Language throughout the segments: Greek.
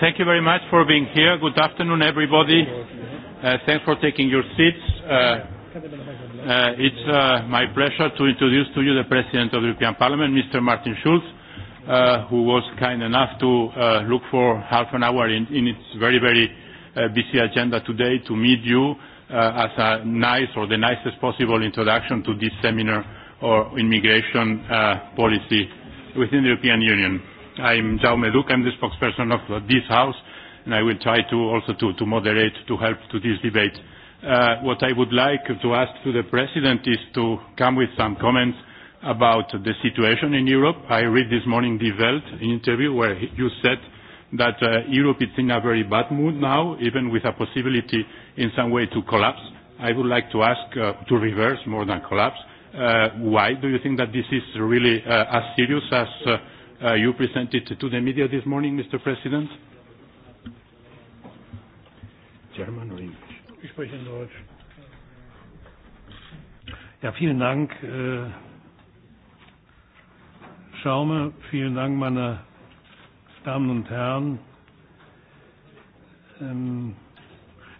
thank you very much for being here. Good afternoon, everybody. thanks for taking your seats. it's my pleasure to introduce to you the President of the European Parliament, Mr. Martin Schulz, who was kind enough to look for half an hour in, its very, very busy agenda today to meet you as a nice or the nicest possible introduction to this seminar on immigration policy within the European Union. I'm Jaume Duc, I'm the spokesperson of this House, and I will try to also to, to moderate, to help to this debate. what I would like to ask to the President is to come with some comments about the situation in Europe. I read this morning the Welt interview where you said that Europe is in a very bad mood now, even with a possibility in some way to collapse. I would like to ask to reverse more than collapse. why do you think that this is really as serious as you presented to the media this morning, Mr. President? German or English? Ich spreche in Deutsch. Ja, vielen Dank, äh, Schaume. Vielen Dank, meine Damen und Herren. Ähm,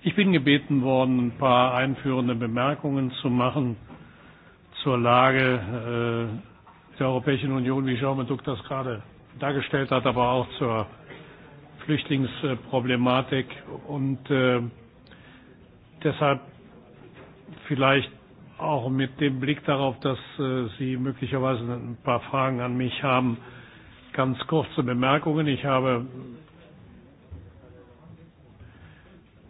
ich bin gebeten worden, ein paar einführende Bemerkungen zu machen zur Lage der Europäischen Union, wie Jean Duc das gerade dargestellt hat, aber auch zur Flüchtlingsproblematik. Und deshalb vielleicht auch mit dem Blick darauf, dass Sie möglicherweise ein paar Fragen an mich haben, ganz kurze Bemerkungen. Ich habe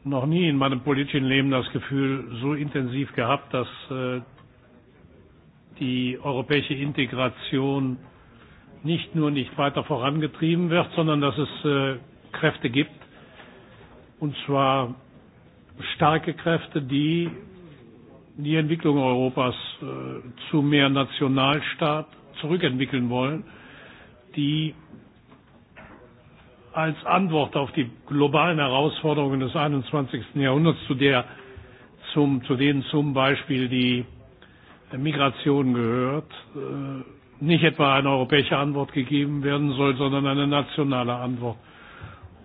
noch nie in meinem politischen Leben das Gefühl so intensiv gehabt, dass die europäische Integration nicht nur nicht weiter vorangetrieben wird, sondern dass es Kräfte gibt, und zwar starke Kräfte, die die Entwicklung Europas zu mehr Nationalstaat zurückentwickeln wollen, die als Antwort auf die globalen Herausforderungen des 21. Jahrhunderts, zu, der, zum, zu denen zum Beispiel die der Migration gehört, nicht etwa eine europäische Antwort gegeben werden soll, sondern eine nationale Antwort.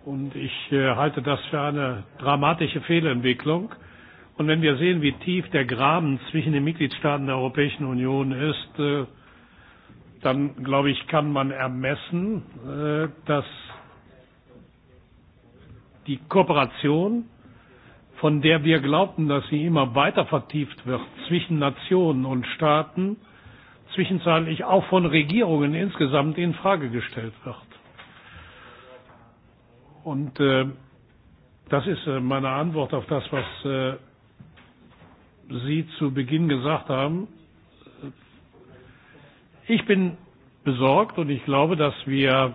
Und ich halte das für eine dramatische Fehlentwicklung. Und wenn wir sehen, wie tief der Graben zwischen den Mitgliedstaaten der Europäischen Union ist, dann glaube ich, kann man ermessen, dass die Kooperation von der wir glaubten, dass sie immer weiter vertieft wird zwischen Nationen und Staaten, zwischenzeitlich auch von Regierungen insgesamt in Frage gestellt wird. Und äh, das ist meine Antwort auf das, was äh, Sie zu Beginn gesagt haben. Ich bin besorgt und ich glaube, dass wir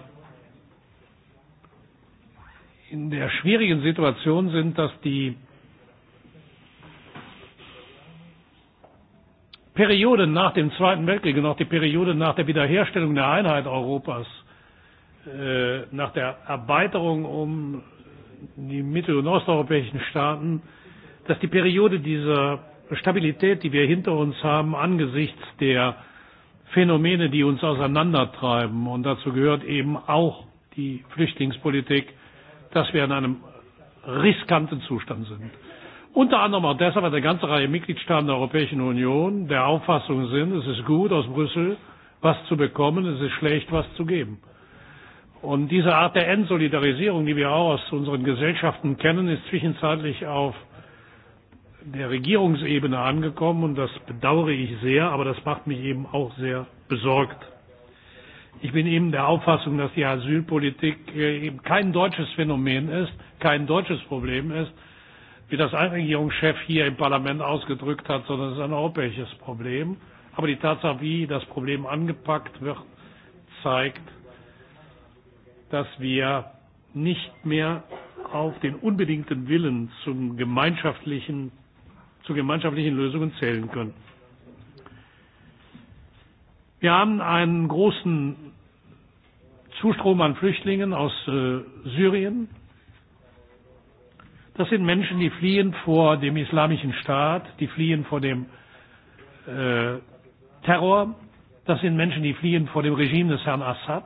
in der schwierigen Situation sind, dass die Periode nach dem Zweiten Weltkrieg und auch die Periode nach der Wiederherstellung der Einheit Europas, nach der Erweiterung um die mittel- und osteuropäischen Staaten, dass die Periode dieser Stabilität, die wir hinter uns haben, angesichts der Phänomene, die uns auseinandertreiben, und dazu gehört eben auch die Flüchtlingspolitik, dass wir in einem riskanten Zustand sind. Unter anderem auch deshalb, weil eine ganze Reihe Mitgliedstaaten der Europäischen Union der Auffassung sind, es ist gut, aus Brüssel was zu bekommen, es ist schlecht, was zu geben. Und diese Art der Entsolidarisierung, die wir auch aus unseren Gesellschaften kennen, ist zwischenzeitlich auf der Regierungsebene angekommen und das bedauere ich sehr, aber das macht mich eben auch sehr besorgt. Ich bin eben der Auffassung, dass die Asylpolitik eben kein deutsches Phänomen ist, kein deutsches Problem ist, wie das ein Regierungschef hier im Parlament ausgedrückt hat, sondern es ist ein europäisches Problem. Aber die Tatsache, wie das Problem angepackt wird, zeigt, dass wir nicht mehr auf den unbedingten Willen zum gemeinschaftlichen, zu gemeinschaftlichen Lösungen zählen können. Wir haben einen großen Zustrom an Flüchtlingen aus Syrien Das sind Menschen, die fliehen vor dem islamischen Staat, die fliehen vor dem äh, Terror. Das sind Menschen, die fliehen vor dem Regime des Herrn Assad.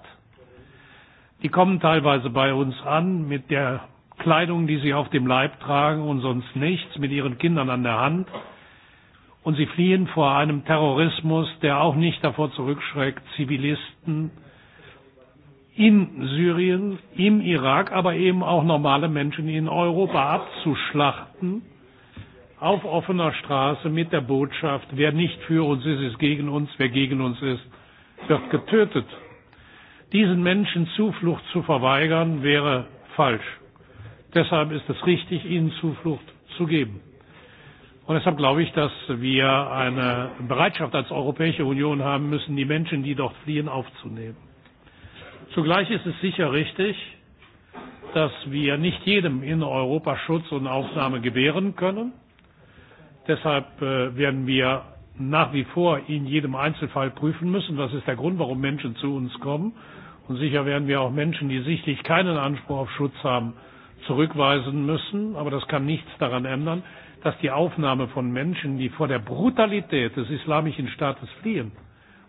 Die kommen teilweise bei uns an mit der Kleidung, die sie auf dem Leib tragen und sonst nichts, mit ihren Kindern an der Hand. Und sie fliehen vor einem Terrorismus, der auch nicht davor zurückschreckt, Zivilisten in Syrien, im Irak, aber eben auch normale Menschen in Europa abzuschlachten, auf offener Straße mit der Botschaft, wer nicht für uns ist, ist gegen uns, wer gegen uns ist, wird getötet. Diesen Menschen Zuflucht zu verweigern, wäre falsch. Deshalb ist es richtig, ihnen Zuflucht zu geben. Und deshalb glaube ich, dass wir eine Bereitschaft als Europäische Union haben müssen, die Menschen, die dort fliehen, aufzunehmen. Zugleich ist es sicher richtig, dass wir nicht jedem in Europa Schutz und Aufnahme gewähren können. Deshalb werden wir nach wie vor in jedem Einzelfall prüfen müssen, was ist der Grund, warum Menschen zu uns kommen. Und sicher werden wir auch Menschen, die sichtlich keinen Anspruch auf Schutz haben, zurückweisen müssen. Aber das kann nichts daran ändern, dass die Aufnahme von Menschen, die vor der Brutalität des islamischen Staates fliehen,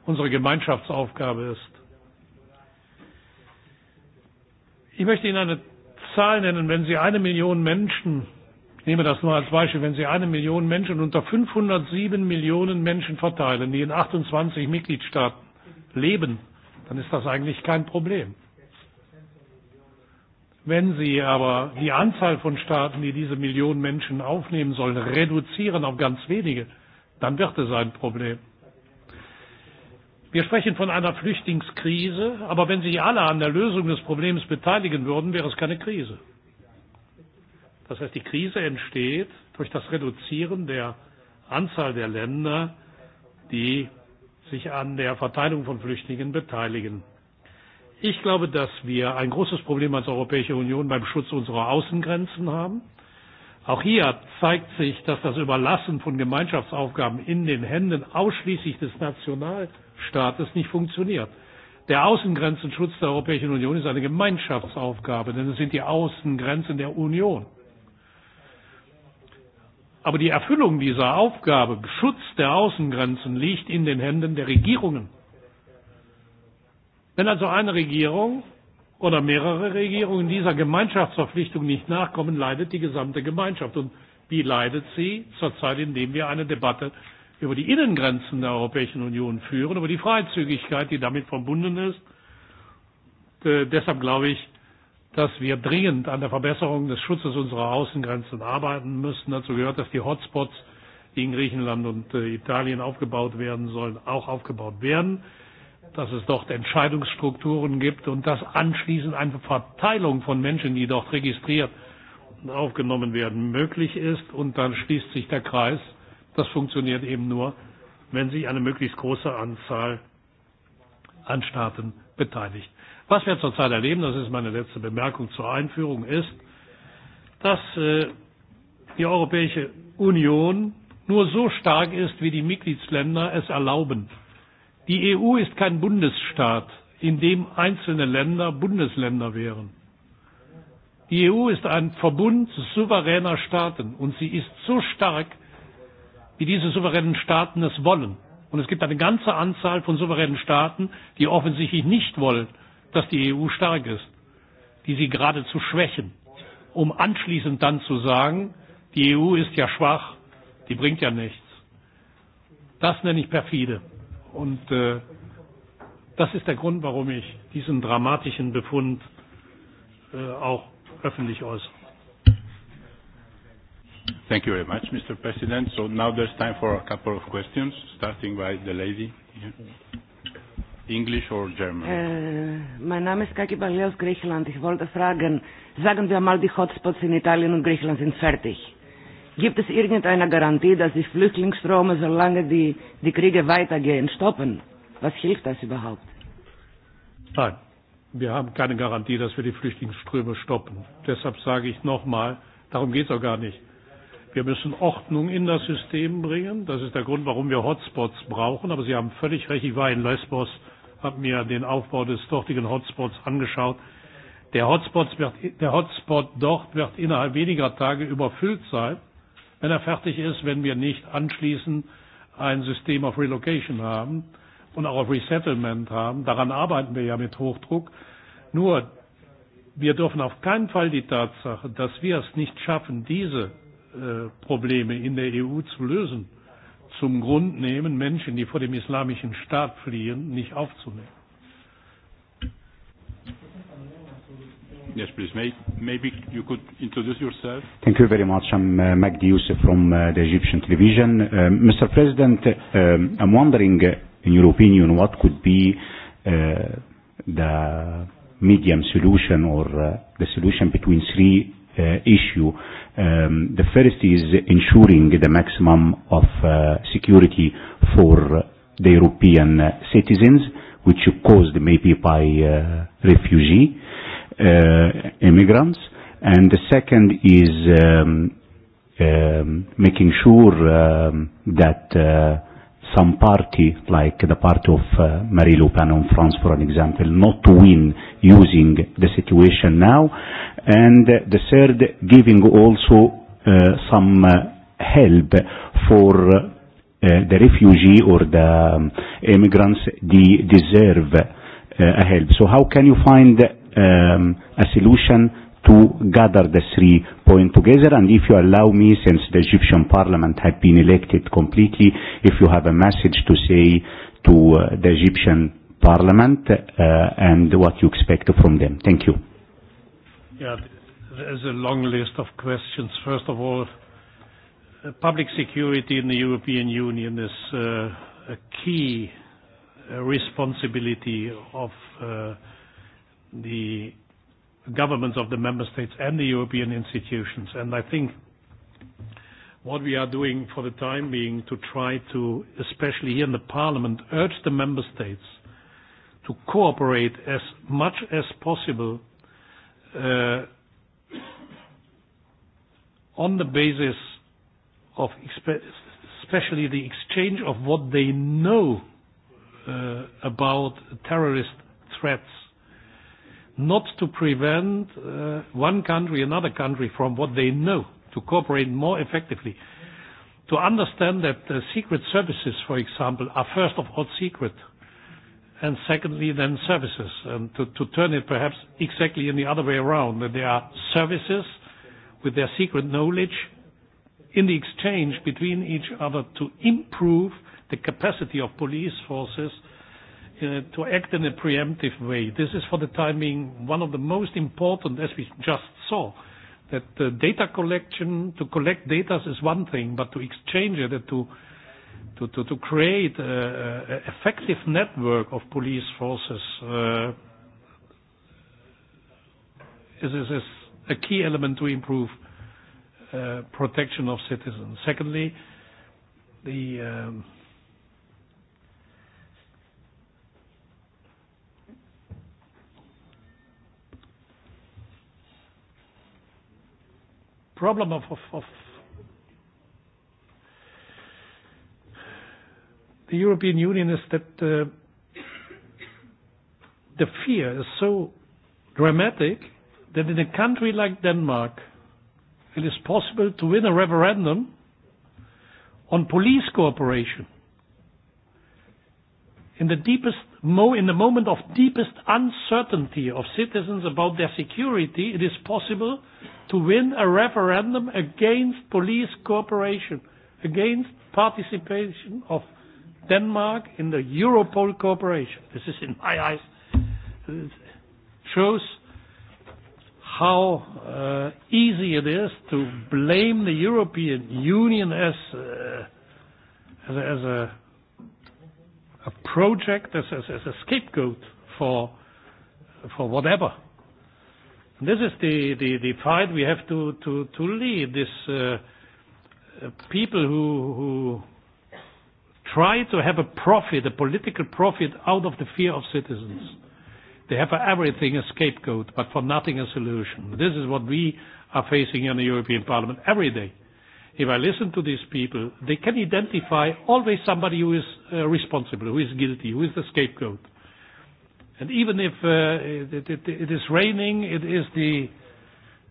unsere Gemeinschaftsaufgabe ist. Ich möchte Ihnen eine Zahl nennen, wenn Sie eine Million Menschen, ich nehme das nur als Beispiel, wenn Sie eine Million Menschen unter 507 Millionen Menschen verteilen, die in 28 Mitgliedstaaten leben, dann ist das eigentlich kein Problem. Wenn Sie aber die Anzahl von Staaten, die diese Millionen Menschen aufnehmen sollen, reduzieren auf ganz wenige, dann wird es ein Problem. Wir sprechen von einer Flüchtlingskrise, aber wenn sich alle an der Lösung des Problems beteiligen würden, wäre es keine Krise. Das heißt, die Krise entsteht durch das Reduzieren der Anzahl der Länder, die sich an der Verteilung von Flüchtlingen beteiligen. Ich glaube, dass wir ein großes Problem als Europäische Union beim Schutz unserer Außengrenzen haben. Auch hier zeigt sich, dass das Überlassen von Gemeinschaftsaufgaben in den Händen ausschließlich des National Staates nicht funktioniert. Der Außengrenzenschutz der Europäischen Union ist eine Gemeinschaftsaufgabe, denn es sind die Außengrenzen der Union. Aber die Erfüllung dieser Aufgabe, Schutz der Außengrenzen, liegt in den Händen der Regierungen. Wenn also eine Regierung oder mehrere Regierungen dieser Gemeinschaftsverpflichtung nicht nachkommen, leidet die gesamte Gemeinschaft. Und wie leidet sie? Zurzeit, indem wir eine Debatte über die Innengrenzen der Europäischen Union führen, über die Freizügigkeit, die damit verbunden ist. Deshalb glaube ich, dass wir dringend an der Verbesserung des Schutzes unserer Außengrenzen arbeiten müssen. Dazu gehört, dass die Hotspots, die in Griechenland und Italien aufgebaut werden sollen, auch aufgebaut werden, dass es dort Entscheidungsstrukturen gibt und dass anschließend eine Verteilung von Menschen, die dort registriert und aufgenommen werden, möglich ist. Und dann schließt sich der Kreis Das funktioniert eben nur, wenn sich eine möglichst große Anzahl an Staaten beteiligt. Was wir zurzeit erleben, das ist meine letzte Bemerkung zur Einführung, ist, dass die Europäische Union nur so stark ist, wie die Mitgliedsländer es erlauben. Die EU ist kein Bundesstaat, in dem einzelne Länder Bundesländer wären. Die EU ist ein Verbund souveräner Staaten und sie ist so stark, wie diese souveränen Staaten es wollen. Und es gibt eine ganze Anzahl von souveränen Staaten, die offensichtlich nicht wollen, dass die EU stark ist, die sie geradezu schwächen, um anschließend dann zu sagen, die EU ist ja schwach, die bringt ja nichts. Das nenne ich perfide. Und das ist der Grund, warum ich diesen dramatischen Befund auch öffentlich äußere. Thank you very much, Mr. President. So now there's time for a couple of questions, starting by the lady. English or German? mein Name is Kaki Baleos, Griechenland. Ich wollte fragen, sagen wir mal, die Hotspots in Italien und Griechenland sind fertig. Gibt es irgendeine Garantie, dass die Flüchtlingsströme, solange die, die Kriege weitergehen, stoppen? Was hilft das überhaupt? Nein, wir haben keine Garantie, dass wir die Flüchtlingsströme stoppen. Deshalb sage ich nochmal, darum geht es auch gar nicht. Wir müssen Ordnung in das System bringen. Das ist der Grund, warum wir Hotspots brauchen. Aber Sie haben völlig recht. Ich war in Lesbos, habe mir den Aufbau des dortigen Hotspots angeschaut. Der, Hotspots wird, der Hotspot dort wird innerhalb weniger Tage überfüllt sein, wenn er fertig ist, wenn wir nicht anschließend ein System of Relocation haben und auch auf Resettlement haben. Daran arbeiten wir ja mit Hochdruck. Nur, wir dürfen auf keinen Fall die Tatsache, dass wir es nicht schaffen, diese Probleme in der EU zu lösen, zum Grund nehmen, Menschen, die vor dem islamischen Staat fliehen, nicht aufzunehmen. Yes, please. Maybe you could introduce yourself. Thank you very much. I'm Magdi Youssef from the Egyptian television. Mr. President, I'm wondering, in your opinion, what could be the medium solution or the solution between three issue. The first is ensuring the maximum of security for the European citizens, which caused maybe by refugee immigrants. And the second is making sure that some party, like the party of Marie Le Pen in France, for an example, not to win using the situation now. And the third, giving also some help for the refugee or the immigrants they deserve a help. So how can you find a solution to gather the three points together. And if you allow me, since the Egyptian parliament had been elected completely, if you have a message to say to the Egyptian parliament and what you expect from them. Thank you. Yeah, there's a long list of questions. First of all, public security in the European Union is a key responsibility of the governments of the member states and the European institutions. And I think what we are doing for the time being to try to, especially here in the Parliament, urge the member states to cooperate as much as possible on the basis of especially the exchange of what they know about terrorist threats not to prevent one country, another country from what they know, to cooperate more effectively, to understand that secret services, for example, are first of all secret, and secondly then services, and to turn it perhaps exactly in the other way around, that they are services with their secret knowledge in the exchange between each other to improve the capacity of police forces to act in a preemptive way. This is, for the time being, one of the most important, as we just saw, that the data collection, to collect data is one thing, but to exchange it, to to to to create a effective network of police forces is is a key element to improve protection of citizens. Secondly, the problem of, of, of the European Union is that the fear is so dramatic that in a country like Denmark, it is possible to win a referendum on police cooperation in the deepest mo in the moment of deepest uncertainty of citizens about their security it is possible to win a referendum against police cooperation against participation of Denmark in the Europol cooperation this is in my eyes shows how easy it is to blame the European Union as as a a project as, as, as a scapegoat for, for whatever. This is the, the, the fight we have to, to, to lead. These uh, people who, who try to have a profit, a political profit, out of the fear of citizens. They have for everything a scapegoat, but for nothing a solution. This is what we are facing in the European Parliament every day if I listen to these people, they can identify always somebody who is responsible, who is guilty, who is the scapegoat. And even if it is raining, it is the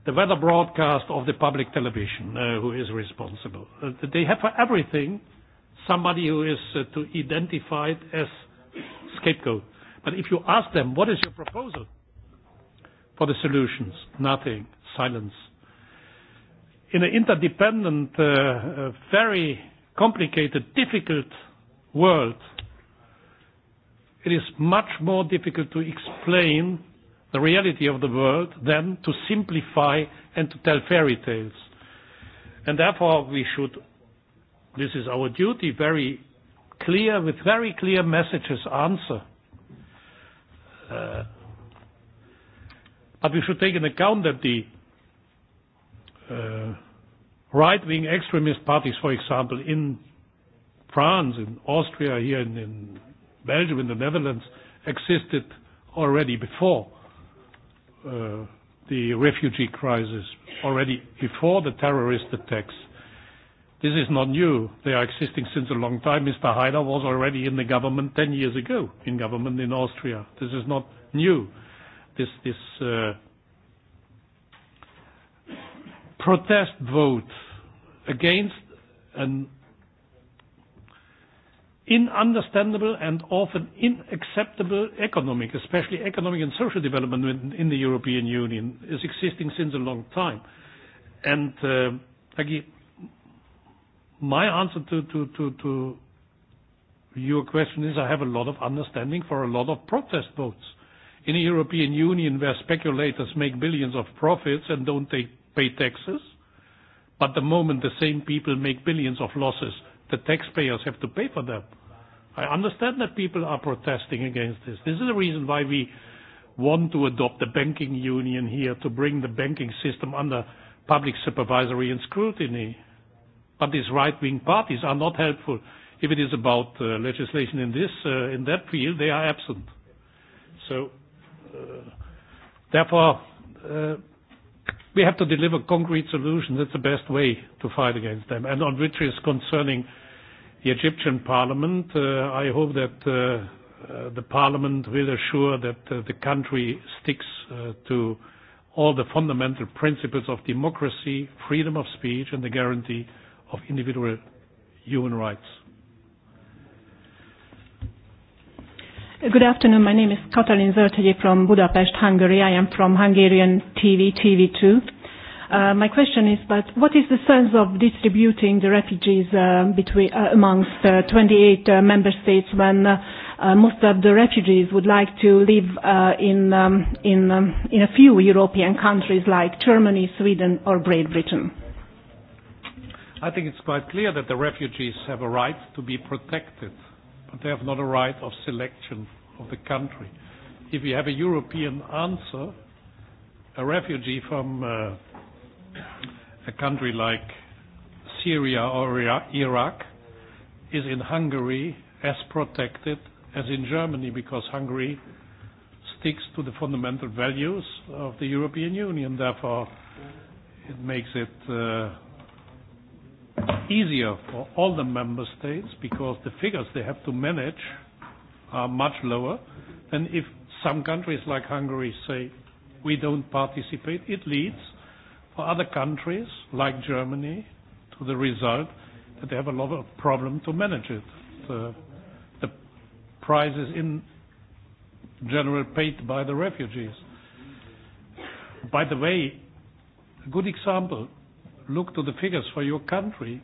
the weather broadcast of the public television who is responsible. They have for everything somebody who is to it as scapegoat. But if you ask them, what is your proposal for the solutions? Nothing. Silence in an interdependent, very complicated, difficult world, it is much more difficult to explain the reality of the world than to simplify and to tell fairy tales. And therefore we should, this is our duty, very clear, with very clear messages answer. But we should take into account that the right-wing extremist parties, for example, in France, in Austria, here in, in Belgium, in the Netherlands, existed already before uh, the refugee crisis, already before the terrorist attacks. This is not new. They are existing since a long time. Mr. Haider was already in the government 10 years ago, in government in Austria. This is not new. This, this protest vote against an inunderstandable and often unacceptable economic, especially economic and social development in the European Union is existing since a long time. And my answer to, to, to, to your question is I have a lot of understanding for a lot of protest votes. In the European Union where speculators make billions of profits and don't take pay taxes, but the moment the same people make billions of losses, the taxpayers have to pay for them. I understand that people are protesting against this. This is the reason why we want to adopt the banking union here to bring the banking system under public supervisory and scrutiny. But these right-wing parties are not helpful. If it is about legislation in this, in that field, they are absent. So, therefore, we have to deliver concrete solutions. That's the best way to fight against them. And on which is concerning the Egyptian parliament, I hope that the parliament will assure that the country sticks to all the fundamental principles of democracy, freedom of speech, and the guarantee of individual human rights. Good afternoon. My name is Katalin Zöldhegyi from Budapest, Hungary. I am from Hungarian TV, TV2. My question is but what is the sense of distributing the refugees between amongst 28 member states when most of the refugees would like to live in in in a few European countries like Germany, Sweden or Great Britain? I think it's quite clear that the refugees have a right to be protected but they have not a right of selection of the country. If you have a European answer, a refugee from a country like Syria or Iraq is in Hungary as protected as in Germany because Hungary sticks to the fundamental values of the European Union. Therefore, it makes it easier for all the member states because the figures they have to manage are much lower than if some countries like Hungary say we don't participate. It leads for other countries like Germany to the result that they have a lot of problem to manage it. The prices in general paid by the refugees. By the way, a good example, look to the figures for your country,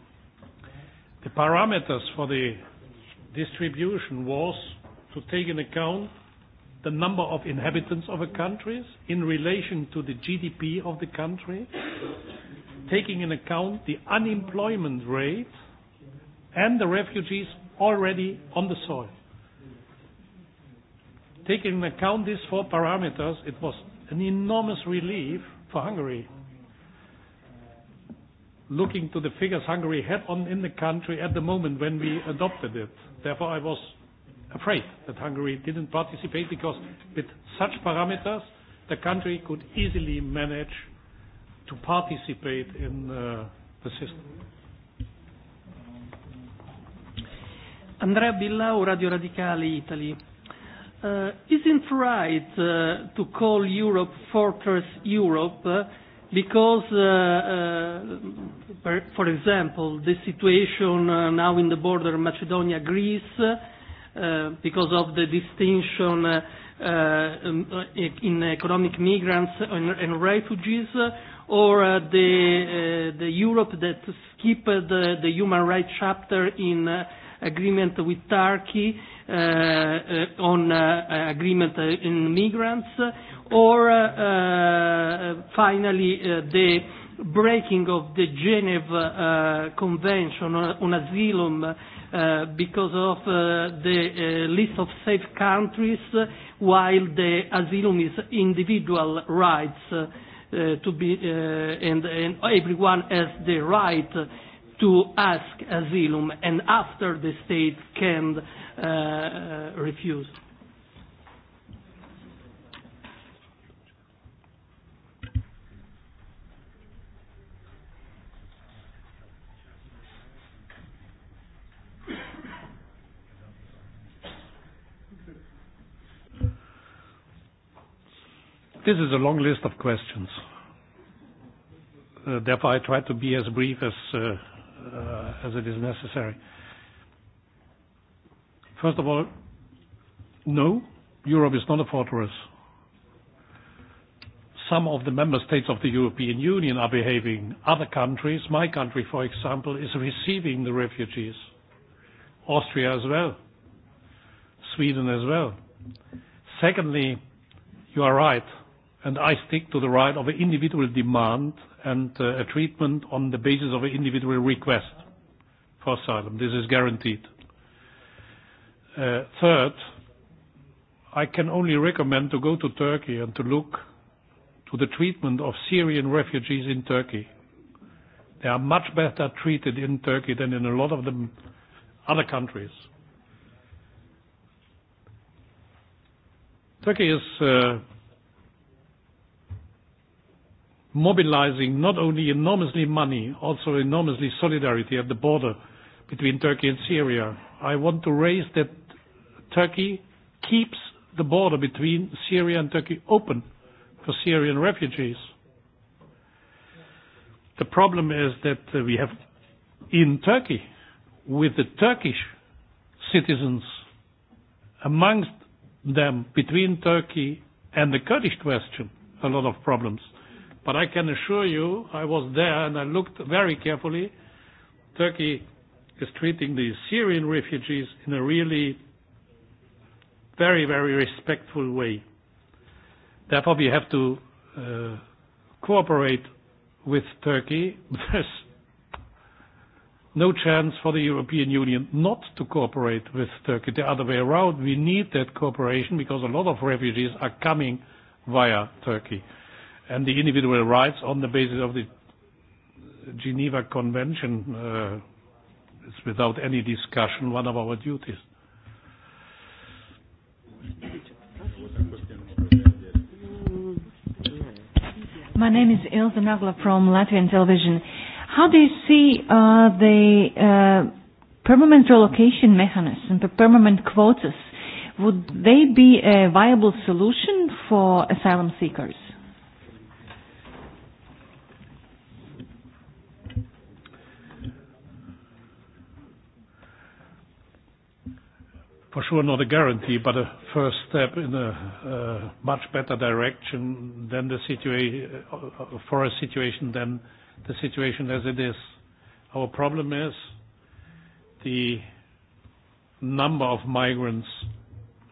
the parameters for the distribution was to take in account the number of inhabitants of a country in relation to the GDP of the country, taking in account the unemployment rate and the refugees already on the soil. Taking into account these four parameters, it was an enormous relief for Hungary looking to the figures Hungary had on in the country at the moment when we adopted it. Therefore, I was afraid that Hungary didn't participate because with such parameters, the country could easily manage to participate in the system. Andrea Billau, Radio Radicale, Italy. Isn't right to call Europe Fortress Europe because, for example, the situation now in the border Macedonia-Greece, because of the distinction in economic migrants and refugees, or the the Europe that skipped the human rights chapter in agreement with Turkey on agreement in migrants or finally the breaking of the Geneva Convention on Asylum because of the list of safe countries while the asylum is individual rights to be and everyone has the right to ask asylum and after the state can refuse. This is a long list of questions. Therefore, I try to be as brief as as it is necessary. First of all, no, Europe is not a fortress. Some of the member states of the European Union are behaving. Other countries, my country, for example, is receiving the refugees. Austria as well. Sweden as well. Secondly, you are right and I stick to the right of an individual demand and a treatment on the basis of an individual request for asylum. This is guaranteed. Third, I can only recommend to go to Turkey and to look to the treatment of Syrian refugees in Turkey. They are much better treated in Turkey than in a lot of the other countries. Turkey is mobilizing not only enormously money, also enormously solidarity at the border between Turkey and Syria. I want to raise that Turkey keeps the border between Syria and Turkey open for Syrian refugees. The problem is that we have in Turkey, with the Turkish citizens, amongst them between Turkey and the Kurdish question, a lot of problems. But I can assure you, I was there and I looked very carefully. Turkey is treating the Syrian refugees in a really very, very respectful way. Therefore, we have to cooperate with Turkey. There's no chance for the European Union not to cooperate with Turkey. The other way around, we need that cooperation because a lot of refugees are coming via Turkey and the individual rights on the basis of the Geneva Convention is without any discussion one of our duties. My name is Ilza Nagla from Latvian television. How do you see the permanent relocation mechanism, the permanent quotas? Would they be a viable solution for asylum seekers? for sure not a guarantee, but a first step in a much better direction than the situation for a situation than the situation as it is. Our problem is the number of migrants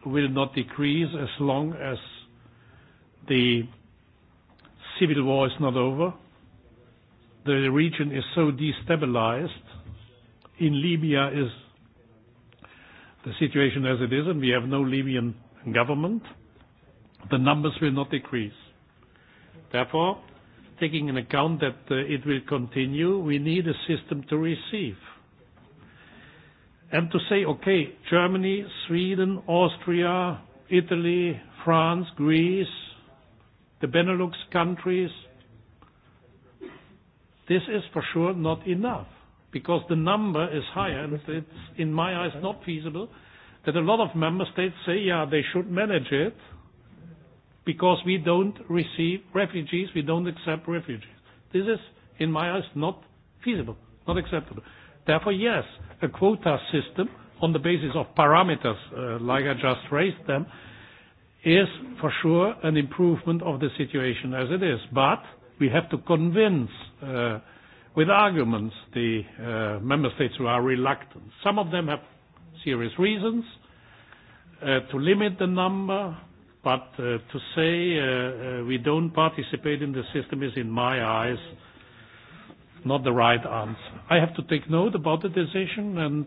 will not decrease as long as the civil war is not over. The region is so destabilized. In Libya is the situation as it is, and we have no Libyan government, the numbers will not decrease. Therefore, taking into account that it will continue, we need a system to receive. And to say, okay, Germany, Sweden, Austria, Italy, France, Greece, the Benelux countries, this is for sure not enough because the number is higher and it's in my eyes not feasible that a lot of member states say yeah they should manage it because we don't receive refugees we don't accept refugees this is in my eyes not feasible not acceptable therefore yes a quota system on the basis of parameters like i just raised them is for sure an improvement of the situation as it is but we have to convince with arguments the member states who are reluctant. Some of them have serious reasons to limit the number, but to say we don't participate in the system is, in my eyes, not the right answer. I have to take note about the decision and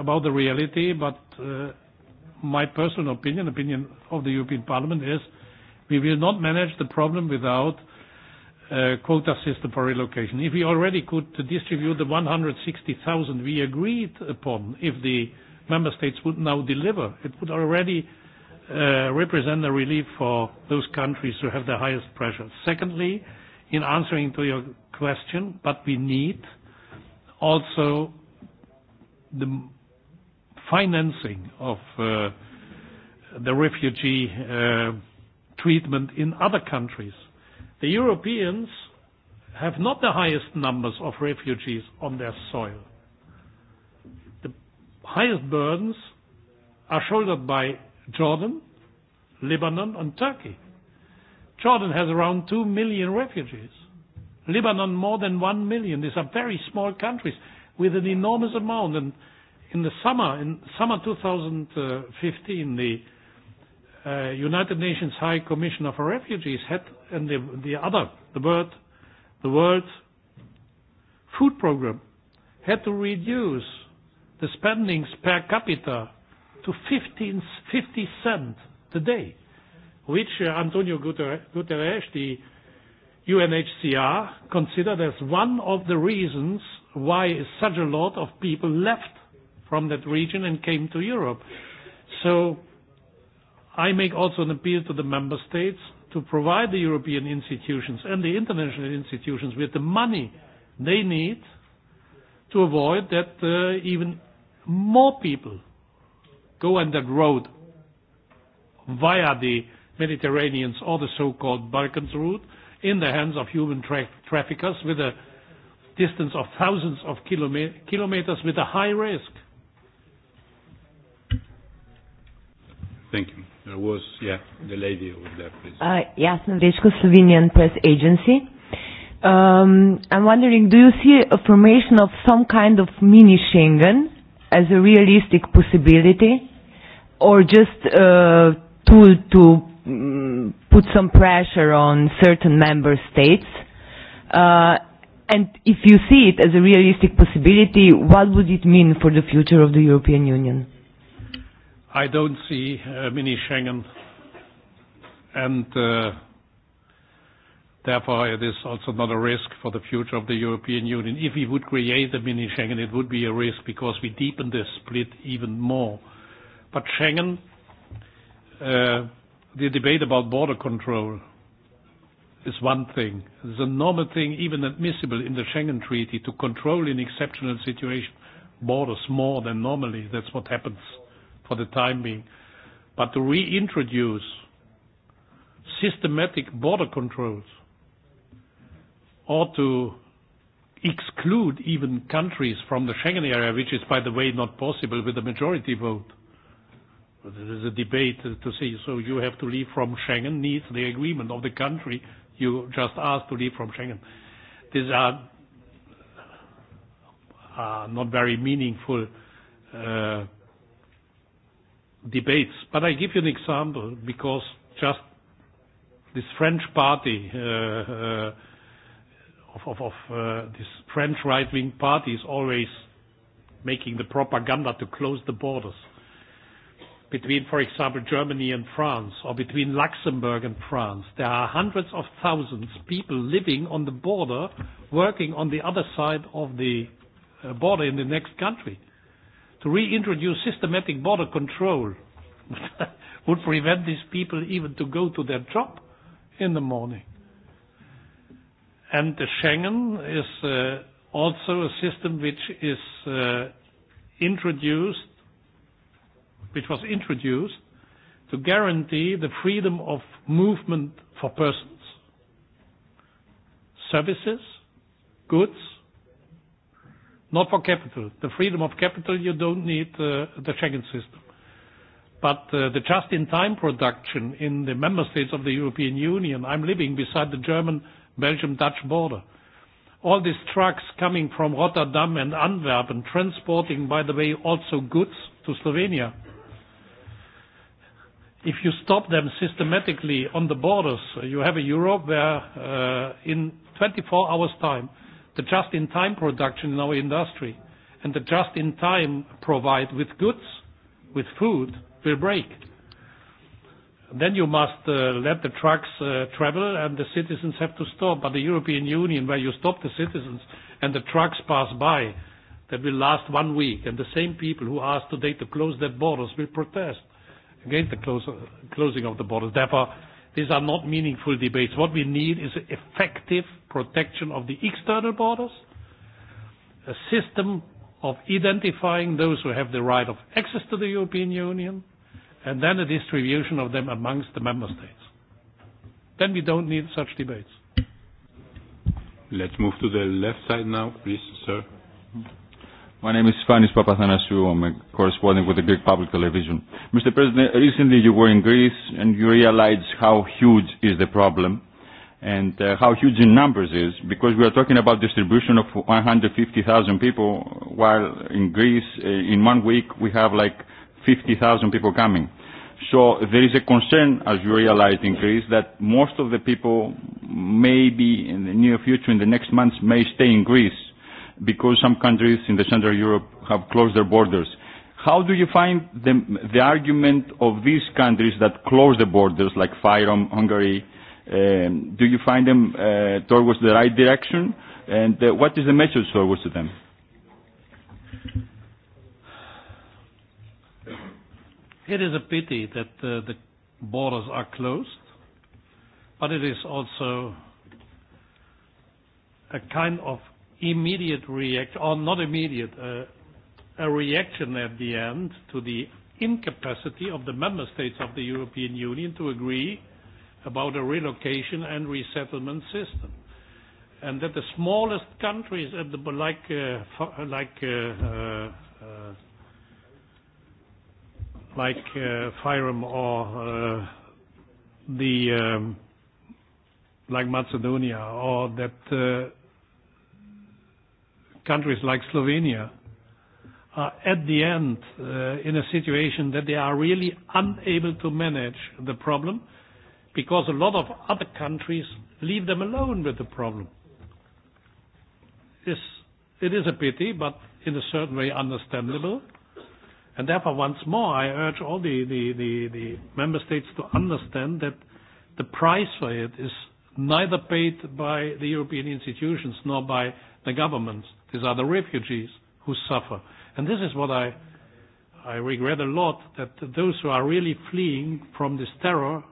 about the reality, but my personal opinion, opinion of the European Parliament is we will not manage the problem without quota system for relocation. If we already could distribute the 160,000 we agreed upon, if the member states would now deliver, it would already represent a relief for those countries who have the highest pressure. Secondly, in answering to your question, but we need also the financing of the refugee treatment in other countries. The Europeans have not the highest numbers of refugees on their soil. The highest burdens are shouldered by Jordan, Lebanon and Turkey. Jordan has around 2 million refugees. Lebanon more than 1 million. These are very small countries with an enormous amount. And in the summer, in summer 2015, the United Nations High Commissioner for Refugees had and the, the other, the world, the World Food Program had to reduce the spendings per capita to 15, 50 cent a day, which Antonio Guterres, the UNHCR, considered as one of the reasons why such a lot of people left from that region and came to Europe. So I make also an appeal to the member states to provide the European institutions and the international institutions with the money they need to avoid that even more people go on that road via the Mediterranean or the so-called Balkans route in the hands of human traffickers with a distance of thousands of kilometers with a high risk. Thank you. There was, yeah, the lady there, Uh, Slovenian Press Agency. Um, I'm wondering, do you see a formation of some kind of mini Schengen as a realistic possibility, or just a tool to put some pressure on certain member states? Uh, and if you see it as a realistic possibility, what would it mean for the future of the European Union? I don't see mini Schengen, and therefore it is also not a risk for the future of the European Union. If we would create a mini Schengen, it would be a risk because we deepen this split even more. But Schengen, the debate about border control is one thing. It's a normal thing, even admissible in the Schengen Treaty, to control in exceptional situations borders more than normally. That's what happens for the time being. But to reintroduce systematic border controls or to exclude even countries from the Schengen area, which is, by the way, not possible with a majority vote. There is a debate to see. So you have to leave from Schengen needs the agreement of the country you just asked to leave from Schengen. These are not very meaningful debates. But I give you an example because just this French party, of of this French right-wing party is always making the propaganda to close the borders between, for example, Germany and France or between Luxembourg and France. There are hundreds of thousands of people living on the border, working on the other side of the border in the next country to reintroduce systematic border control would prevent these people even to go to their job in the morning. And the Schengen is also a system which is introduced, which was introduced to guarantee the freedom of movement for persons, services, goods, Not for capital. The freedom of capital, you don't need the Schengen system. But the just-in-time production in the member states of the European Union, I'm living beside the German-Belgium-Dutch border. All these trucks coming from Rotterdam and Antwerp and transporting, by the way, also goods to Slovenia. If you stop them systematically on the borders, you have a Europe where in 24 hours' time, the just-in-time production in our industry and the just-in-time provide with goods, with food, will break. Then you must let the trucks travel and the citizens have to stop. But the European Union, where you stop the citizens and the trucks pass by, that will last one week. And the same people who asked today to close their borders will protest against the closing of the borders. These are not meaningful debates. What we need is effective protection of the external borders, a system of identifying those who have the right of access to the European Union, and then a distribution of them amongst the member states. Then we don't need such debates. Let's move to the left side now, please, sir. My name is Fanis Papathanasiou. I'm correspondent with the Greek Public Television. Mr. President, recently you were in Greece and you realized how huge is the problem and uh, how huge in numbers is because we are talking about distribution of 150,000 people while in Greece uh, in one week we have like 50,000 people coming. So there is a concern, as you realize in Greece, that most of the people maybe in the near future, in the next months, may stay in Greece because some countries in the Central Europe have closed their borders. How do you find the, the argument of these countries that close the borders, like Fyrom, Hungary, do you find them uh, towards the right direction? And what is the message towards them? It is a pity that the borders are closed, but it is also a kind of immediate react or not immediate a reaction at the end to the incapacity of the member states of the European Union to agree about a relocation and resettlement system and that the smallest countries at the like like like Fyrom or the like Macedonia or that countries like Slovenia are at the end in a situation that they are really unable to manage the problem because a lot of other countries leave them alone with the problem. It is a pity, but in a certain way understandable. And therefore, once more, I urge all the, the, the, the member states to understand that the price for it is neither paid by the European institutions nor by the governments. These are the refugees who suffer. And this is what I, I regret a lot, that those who are really fleeing from this terror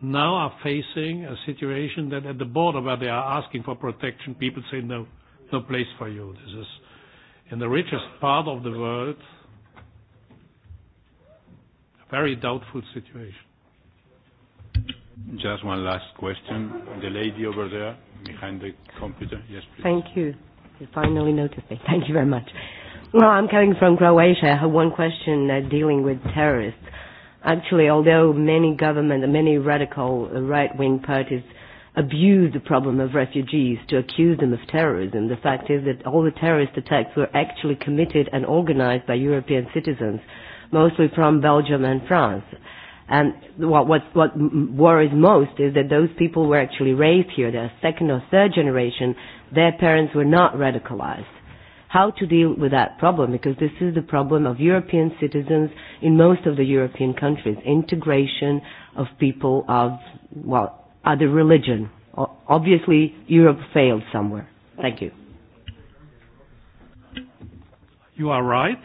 now are facing a situation that at the border where they are asking for protection, people say no, no place for you. This is in the richest part of the world a very doubtful situation. Just one last question. The lady over there behind the computer. Yes, please. Thank you. You finally noticed me. Thank you very much. Well, I'm coming from Croatia. I have one question uh, dealing with terrorists. Actually, although many government, many radical right-wing parties abuse the problem of refugees to accuse them of terrorism, the fact is that all the terrorist attacks were actually committed and organized by European citizens, mostly from Belgium and France. And what, what, what worries most is that those people were actually raised here. They're second or third generation. Their parents were not radicalized. How to deal with that problem? Because this is the problem of European citizens in most of the European countries. Integration of people of, well, other religion. Obviously, Europe failed somewhere. Thank you. You are right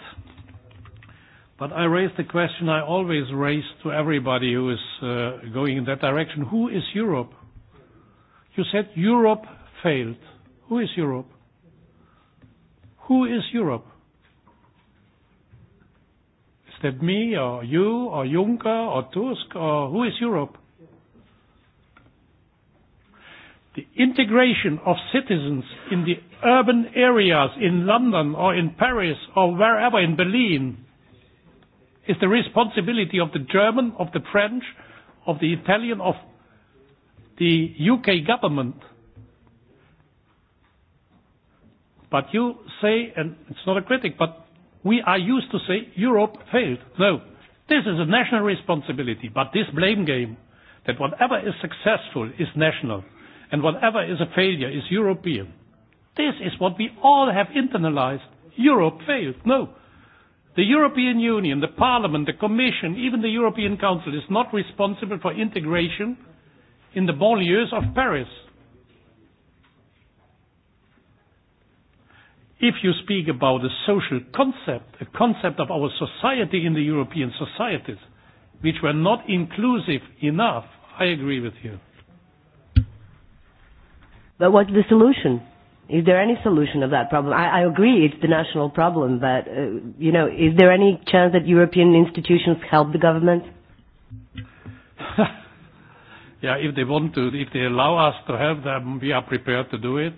But I raised the question I always raise to everybody who is going in that direction. Who is Europe? You said Europe failed. Who is Europe? Who is Europe? Is that me or you or Juncker or Tusk or who is Europe? The integration of citizens in the urban areas in London or in Paris or wherever in Berlin is the responsibility of the German, of the French, of the Italian, of the UK government. But you say, and it's not a critic, but we are used to say Europe failed. No, this is a national responsibility, but this blame game that whatever is successful is national and whatever is a failure is European. This is what we all have internalized. Europe failed. No, The European Union, the Parliament, the Commission, even the European Council is not responsible for integration in the banlieues of Paris. If you speak about a social concept, a concept of our society in the European societies, which were not inclusive enough, I agree with you. But what's the solution? Is there any solution of that problem? I, I agree it's the national problem, but uh, you know, is there any chance that European institutions help the government? yeah, if they want to, if they allow us to help them, we are prepared to do it.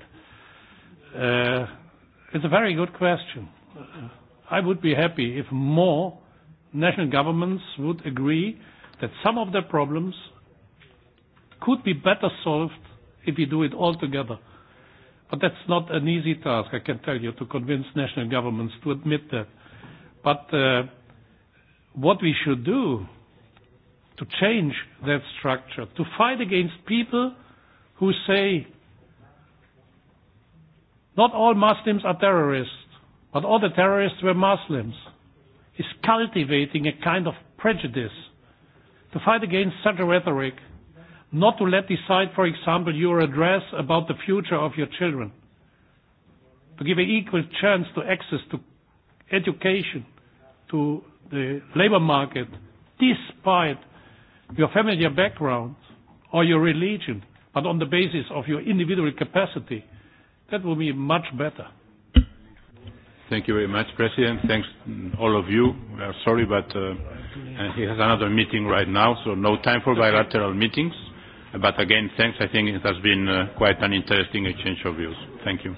Uh, it's a very good question. I would be happy if more national governments would agree that some of their problems could be better solved if we do it all together. But that's not an easy task, I can tell you, to convince national governments to admit that. But what we should do to change that structure, to fight against people who say not all Muslims are terrorists, but all the terrorists were Muslims, is cultivating a kind of prejudice. To fight against such a rhetoric not to let decide, for example, your address about the future of your children. To give an equal chance to access to education, to the labor market, despite your family background or your religion, but on the basis of your individual capacity, that will be much better. Thank you very much, President. Thanks all of you. We are sorry, but uh, he has another meeting right now, so no time for bilateral meetings. But again, thanks. I think it has been quite an interesting exchange of views. Thank you.